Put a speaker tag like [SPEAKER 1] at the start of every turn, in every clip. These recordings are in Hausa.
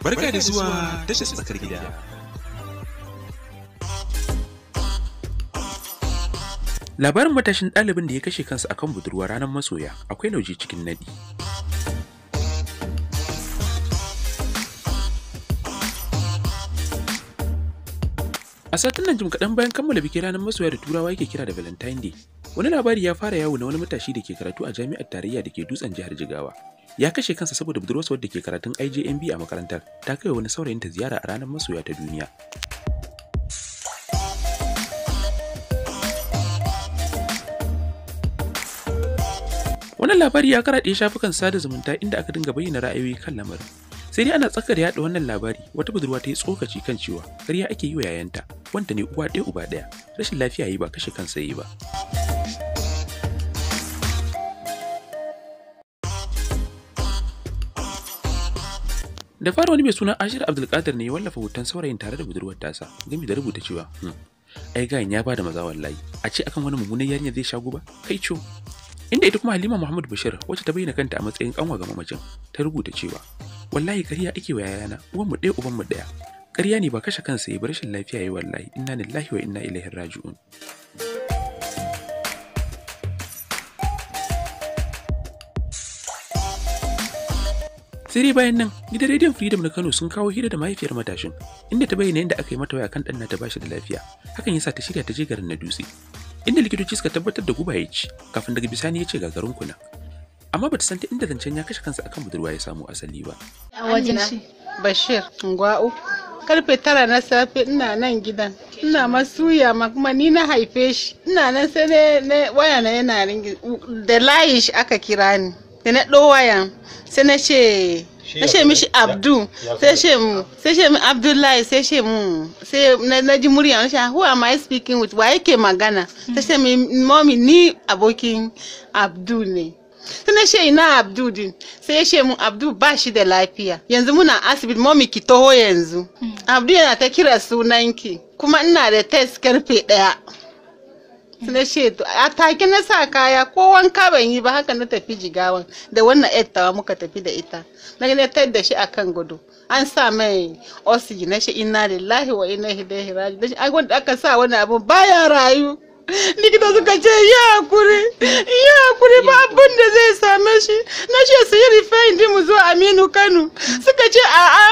[SPEAKER 1] Barka da zuwa tashar tsakar gida. Labarin matashin ɗalibin da ya kashe kansa akan budurwa ranar masoya akwai lauje cikin nadi. A satin nan jim kaɗan bayan kammala bikin ranar masoya da turawa yake kira da Valentine Day, wani labari ya fara yawo na wani matashi da ke karatu a jami'ar tarayya da ke dutsen jihar Jigawa. Ya kashe kansa saboda budurwarsa wadda ke karatun IJMB a makarantar ta kai wani saurayinta ziyara a ranar masoya ta duniya. Wani labari ya karaɗe shafukan sada zumunta inda aka dinga bayyana ra'ayoyi kan lamarin. sai dai ana tsaka da wannan labari wata budurwa ta yi tsokaci kan cewa karya ake yi wa yayanta wanda ne uwa ɗaya uba ɗaya rashin lafiya yi ba kashe kansa yi ba da fara wani mai suna ashir abdulkadir ne ya wallafa hoton saurayin tare da budurwar tasa gami da rubuta cewa hmm, ai gayan ya bada maza wallahi a ce akan wani mummunan yarinya zai sha guba kai co inda ita kuma halima muhammad bashir wacce ta bayyana kanta a matsayin kanwa ga mamacin ta rubuta cewa wallahi ƙarya ake wa yayana uwan mu ɗaya uban mu ɗaya ƙarya ne ba kashe kansa ya bar rashin lafiya yi wallahi inna lillahi wa inna ilaihi raji'un sai dai bayan nan gidan rediyon freedom na kano sun kawo hira da mahaifiyar matashin inda ta bayyana yadda aka yi mata waya kan ɗan ta bashi da lafiya hakan yasa ta shirya ta je garin na dutse inda likitoci suka tabbatar da guba ya ci kafin daga bisani ya ce gagarin kuna amma bata san ta inda zancen ya kashe kansa akan budurwa ya samu asali ba
[SPEAKER 2] a wajen shi bashir ngwa'u karfe tara na safe ina nan gidan ina masuya ma kuma ni na haife shi ina nan sai ne waya na yana ringi da layin shi aka kira ni da na ɗo wayan sai na ce na ce mishi abdu sai ce mu sai ce mu abdullahi sai ce mu sai na ji murya na ce who am i speaking with wa yake magana sai ce mu mommy ni abokin abdu ne sai na ce ina abdu din sai ya ce mun abdu ba shi da lafiya yanzu muna asibiti momi ki taho yanzu hmm. abdu yana ta kira sunanki kuma ina da test karfe daya na ce a take na sa kaya ko wanka ban yi ba haka na tafi jigawan da wannan tawa muka tafi da ita na ga na da shi akan gudu an sa mai osi na shi inna lillahi wa inna ilaihi raji ai wanda aka sa wani abu baya rayu likita suka ce ya hakuri ya hakuri ba abin da zai same shi na ce su yi rifayin dimu zuwa aminu kano suka ce a'a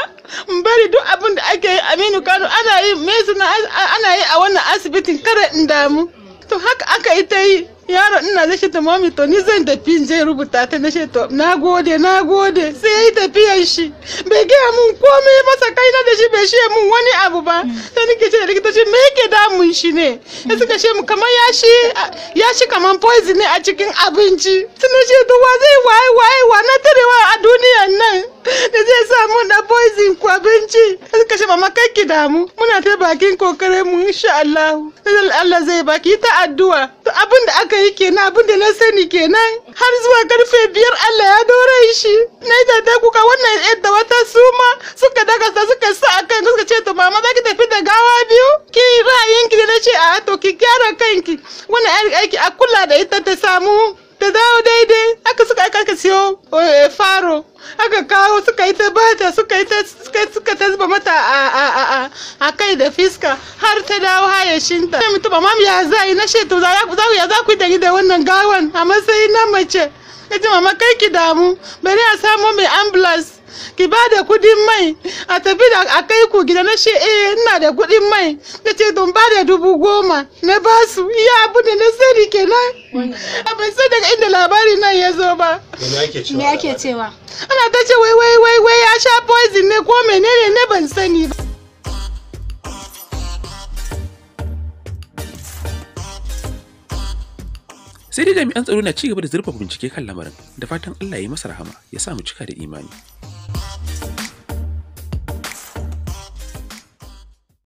[SPEAKER 2] bari duk abin da ake yi aminu kano ana yi ana yi a wannan asibitin kare in damu to haka aka ita yi yaro ina zai shi ta mami to ni zan tafi in je rubuta ta na to na gode na gode sai ya yi tafiyar shi bai gaya mun komai masa na da shi bai shi mun wani abu ba ta nike ce da likitoci me yake damun shi ne ya suka ce mu kamar ya shi ya shi kamar poison ne a cikin abinci sun ce to zai waye waye wa na tarewa a duniyan nan da zai sa muna poison ku abinci suka ce mama kai ki damu muna ta bakin kokare mu insha Allah Allah zai baki ta addu'a to abin da aka yi kenan abin da na sani kenan har zuwa karfe biyar Allah ya dore shi na yi ta kuka wannan yadda wata suma suka daga sa suka sa a kan suka ce to mama za ki tafi da gawa biyu ki ra'ayinki da na ce a to ki gyara kanki wannan aiki a kula da ita ta samu ta dawo daidai aka suka aka siyo eh, fa suka yi ta bata suka yi ta suka ta zuba mata a kai da fiska har ta dawo hayashinta ta mutu ba mam ya za yi na she to za ya za ku yi da wannan gawan a matsayin na mace ita ji mama kai ki damu bari a samo mai ambulance ki ba da kudin mai a tafi da a kai ku gida na ce eh ina da kudin mai na ce don ba da dubu goma na ba su iya abu da na sani kenan a bai san daga inda labari nan ya zo ba me ake cewa ana ta ce wai wai wai wai ya sha poison ne ko menene ne ban sani ba
[SPEAKER 1] sai dai jami'an tsaro na cigaba da zurfafa bincike kan lamarin da fatan allah ya masa rahama ya sa mu cika da imani